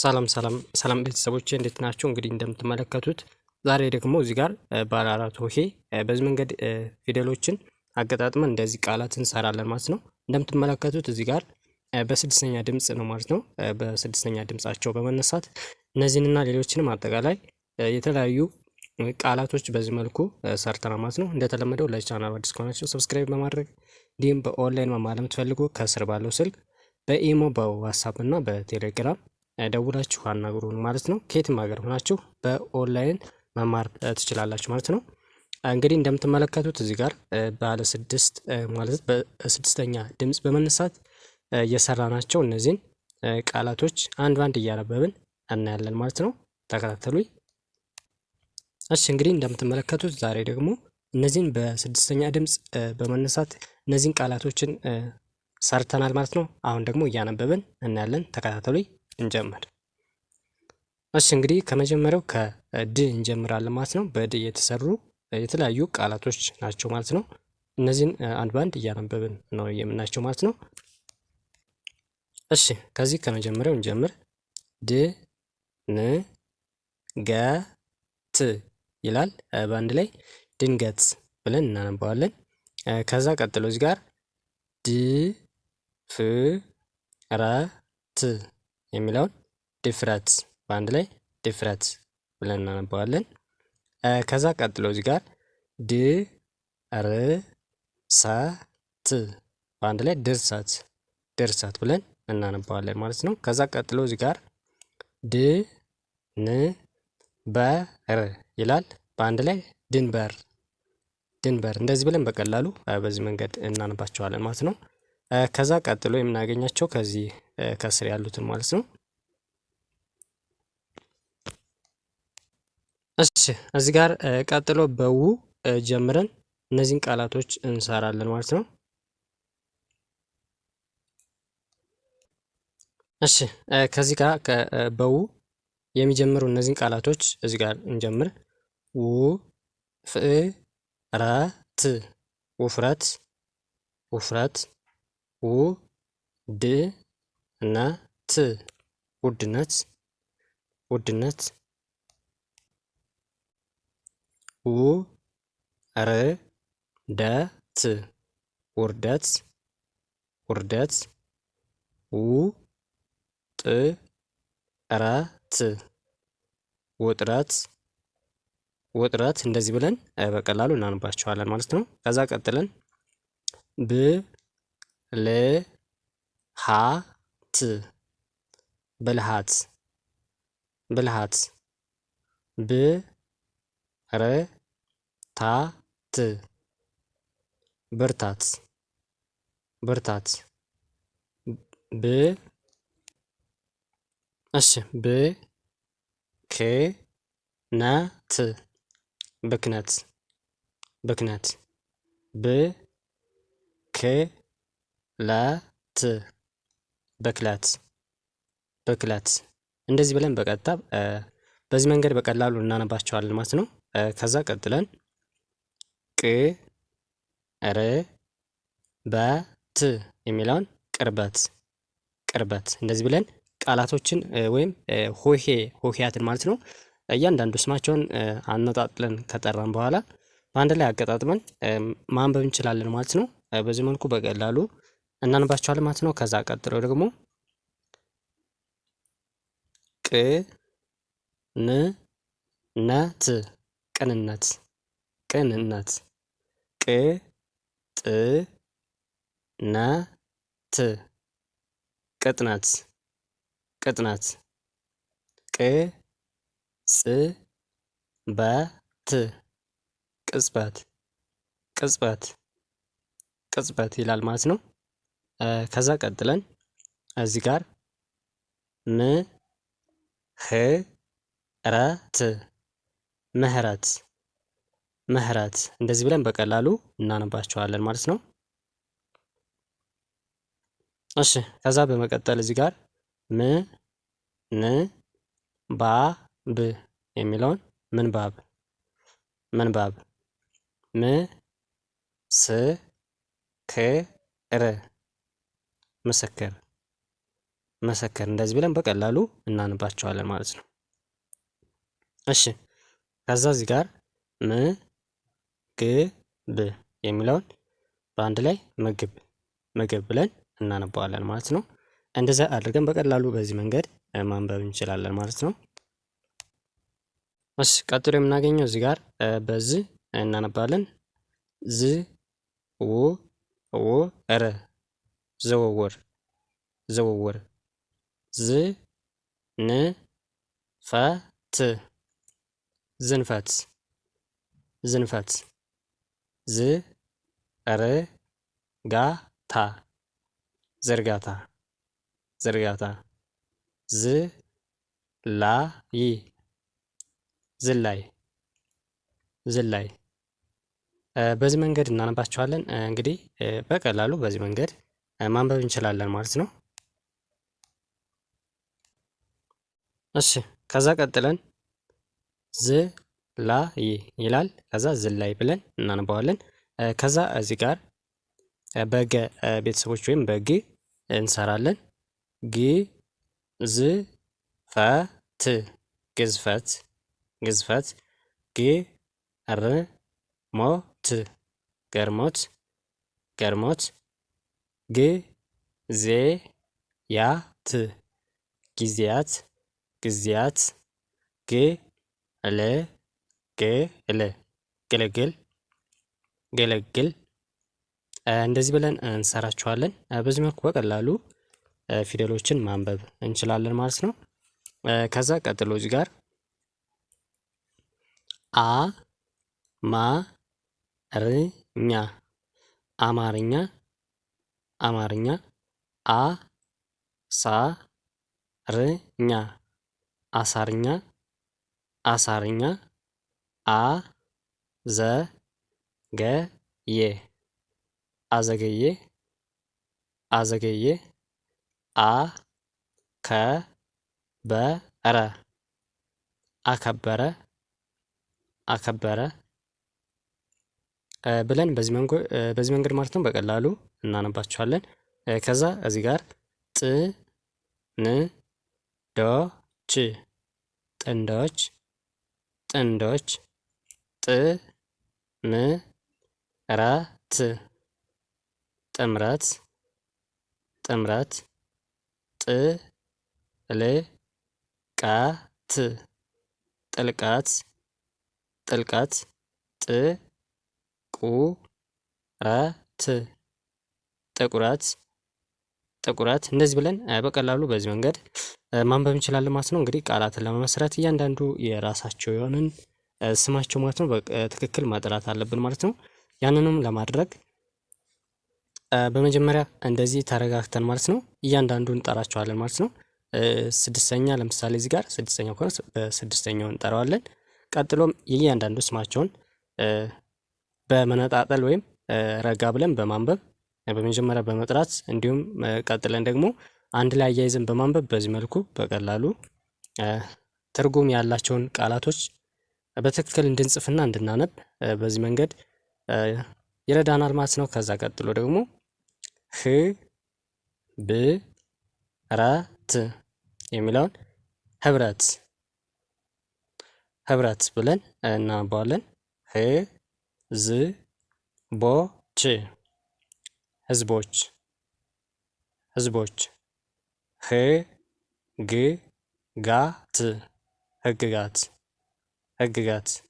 ሰላም ሰላም ሰላም ቤተሰቦቼ እንዴት ናቸው? እንግዲህ እንደምትመለከቱት ዛሬ ደግሞ እዚህ ጋር ባለ አራት ሆሄ በዚህ መንገድ ፊደሎችን አገጣጥመን እንደዚህ ቃላት እንሰራለን ማለት ነው። እንደምትመለከቱት እዚህ ጋር በስድስተኛ ድምፅ ነው ማለት ነው። በስድስተኛ ድምፃቸው በመነሳት እነዚህንና ሌሎችንም አጠቃላይ የተለያዩ ቃላቶች በዚህ መልኩ ሰርተና ማለት ነው። እንደተለመደው ለቻናል አዲስ ከሆናቸው ሰብስክራይብ በማድረግ እንዲሁም በኦንላይን መማር ለምትፈልጉ ከስር ባለው ስልክ በኢሞ በዋትሳፕ እና በቴሌግራም ደውላችሁ አናግሩን ማለት ነው። ከየትም ሀገር ሆናችሁ በኦንላይን መማር ትችላላችሁ ማለት ነው። እንግዲህ እንደምትመለከቱት እዚህ ጋር ባለ ስድስት ማለት በስድስተኛ ድምፅ በመነሳት እየሰራ ናቸው። እነዚህን ቃላቶች አንድ አንድ እያነበብን እናያለን ማለት ነው። ተከታተሉኝ። እሺ እንግዲህ እንደምትመለከቱት ዛሬ ደግሞ እነዚህን በስድስተኛ ድምፅ በመነሳት እነዚህን ቃላቶችን ሰርተናል ማለት ነው። አሁን ደግሞ እያነበብን እናያለን። ተከታተሉኝ። እንጀምር። እሺ እንግዲህ ከመጀመሪያው ከድ እንጀምራለን ማለት ነው። በድ የተሰሩ የተለያዩ ቃላቶች ናቸው ማለት ነው። እነዚህን አንድ በአንድ እያነበብን ነው የምናቸው ማለት ነው። እሺ ከዚህ ከመጀመሪያው እንጀምር። ድ ን ገ ት ይላል። በአንድ ላይ ድንገት ብለን እናነባዋለን። ከዛ ቀጥሎ እዚህ ጋር ድ ፍ ረ ት የሚለውን ዲፍረት በአንድ ላይ ዲፍረት ብለን እናነባዋለን። ከዛ ቀጥሎ እዚህ ጋር ድ ር ሰ ት በአንድ ላይ ድርሰት ድርሰት ብለን እናነባዋለን ማለት ነው። ከዛ ቀጥሎ እዚህ ጋር ድ ን በር ይላል። በአንድ ላይ ድንበር ድንበር። እንደዚህ ብለን በቀላሉ በዚህ መንገድ እናነባቸዋለን ማለት ነው። ከዛ ቀጥሎ የምናገኛቸው ከዚህ ከስር ያሉትን ማለት ነው። እሺ እዚህ ጋር ቀጥሎ በው ጀምረን እነዚህን ቃላቶች እንሰራለን ማለት ነው። እሺ ከዚህ ጋር በው የሚጀምሩ እነዚህን ቃላቶች እዚህ ጋር እንጀምር። ው ፍጥረት ውፍረት ውፍረት ውድነት ውድነት ት ውርደት ውርደት ውርደት ት ውጥረት ውጥረት እንደዚህ ብለን በቀላሉ እናንባቸዋለን ማለት ነው። ከዛ ቀጥለን ብ ልሓት ብልሃት ብልሃት ብርታት ብርታት ብርታት ብ እሺ ብ ክ ነ ት ብክነት ብክነት ብ ክ ለት በክላት ብክለት እንደዚህ ብለን በቀጥታ በዚህ መንገድ በቀላሉ እናነባቸዋለን ማለት ነው። ከዛ ቀጥለን ቅ ር በት የሚለውን ቅርበት ቅርበት እንደዚህ ብለን ቃላቶችን ወይም ሆሄ ሆሄያትን ማለት ነው እያንዳንዱ ስማቸውን አነጣጥለን ከጠራን በኋላ በአንድ ላይ አገጣጥመን ማንበብ እንችላለን ማለት ነው። በዚህ መልኩ በቀላሉ እናንባቸዋለን ማለት ነው። ከዛ ቀጥሎ ደግሞ ቅንነት ቅንነት ቅንነት ቅጥነት ቅጥነት ቅጥነት ቅጽበት ቅጽበት ቅጽበት ቅጽበት ይላል ማለት ነው። ከዛ ቀጥለን እዚህ ጋር ም ረት ምህረት ምህረት እንደዚህ ብለን በቀላሉ እናነባቸዋለን ማለት ነው። እሺ ከዛ በመቀጠል እዚህ ጋር ም ን ባ ብ የሚለውን ምንባብ ምንባብ ም ስ ክ ር መሰከር መሰከር እንደዚህ ብለን በቀላሉ እናንባቸዋለን ማለት ነው። እሺ ከዛ እዚህ ጋር ምግብ የሚለውን በአንድ ላይ ምግብ ምግብ ብለን እናነባዋለን ማለት ነው። እንደዛ አድርገን በቀላሉ በዚህ መንገድ ማንበብ እንችላለን ማለት ነው። እሺ ቀጥሎ የምናገኘው እዚህ ጋር በዚህ እናነባለን ዝ ው ው ረ ዝውውር ዝውውር ዝ ን ፈ ት ዝንፈት ዝንፈት ዝ ር ጋ ታ ዝርጋታ ዝርጋታ ዝ ላ ይ ዝላይ ዝላይ በዚህ መንገድ እናነባቸዋለን። እንግዲህ በቀላሉ በዚህ መንገድ ማንበብ እንችላለን ማለት ነው። እሺ ከዛ ቀጥለን ዝላይ ይላል። ከዛ ዝላይ ብለን እናነባዋለን። ከዛ እዚህ ጋር በገ ቤተሰቦች ወይም በግ እንሰራለን። ግ ዝ ፈ ት ግዝፈት ግዝፈት ግ ር ሞ ት ገርሞት ገርሞት ጊዜያት ጊዜያት ጊዜያት ግለ ግለ ገለግል ገለግል እንደዚህ ብለን እንሰራቸዋለን። በዚህ መልኩ በቀላሉ ፊደሎችን ማንበብ እንችላለን ማለት ነው። ከዛ ቀጥሎ እዚህ ጋር አ ማ ር ኛ አማርኛ አማርኛ አ ሳ ር ኛ አሳርኛ አሳርኛ አ ዘ ገ የ አዘገየ አዘገየ አ ከ በ ረ አከበረ አከበረ ብለን በዚህ መንገድ ማለት ነው በቀላሉ እናነባቸዋለን። ከዛ እዚህ ጋር ጥንዶች ጥንዶች ጥንዶች ጥምራት ጥምራት ጥምራት ጥልቃት ጥልቃት ጥልቃት ጥ ጥቁረት ጥቁረት ጥቁረት እንደዚህ ብለን በቀላሉ በዚህ መንገድ ማንበብ እንችላለን ማለት ነው። እንግዲህ ቃላትን ለመመስረት እያንዳንዱ የራሳቸው የሆንን ስማቸው ማለት ነው በትክክል መጥራት አለብን ማለት ነው። ያንንም ለማድረግ በመጀመሪያ እንደዚህ ተረጋግተን ማለት ነው እያንዳንዱ እንጠራቸዋለን ማለት ነው። ስድስተኛ ለምሳሌ እዚህ ጋር ስድስተኛ ከሆነ በስድስተኛው እንጠራዋለን። ቀጥሎም የእያንዳንዱ ስማቸውን በመነጣጠል ወይም ረጋ ብለን በማንበብ በመጀመሪያ በመጥራት እንዲሁም ቀጥለን ደግሞ አንድ ላይ አያይዘን በማንበብ በዚህ መልኩ በቀላሉ ትርጉም ያላቸውን ቃላቶች በትክክል እንድንጽፍና እንድናነብ በዚህ መንገድ ይረዳናል ማለት ነው። ከዛ ቀጥሎ ደግሞ ህ ብ ረ ት የሚለውን ህብረት ህብረት ብለን እናነባዋለን። ህ ዝቦች ህዝቦች ህዝቦች ህግጋት ህግጋት ህግጋት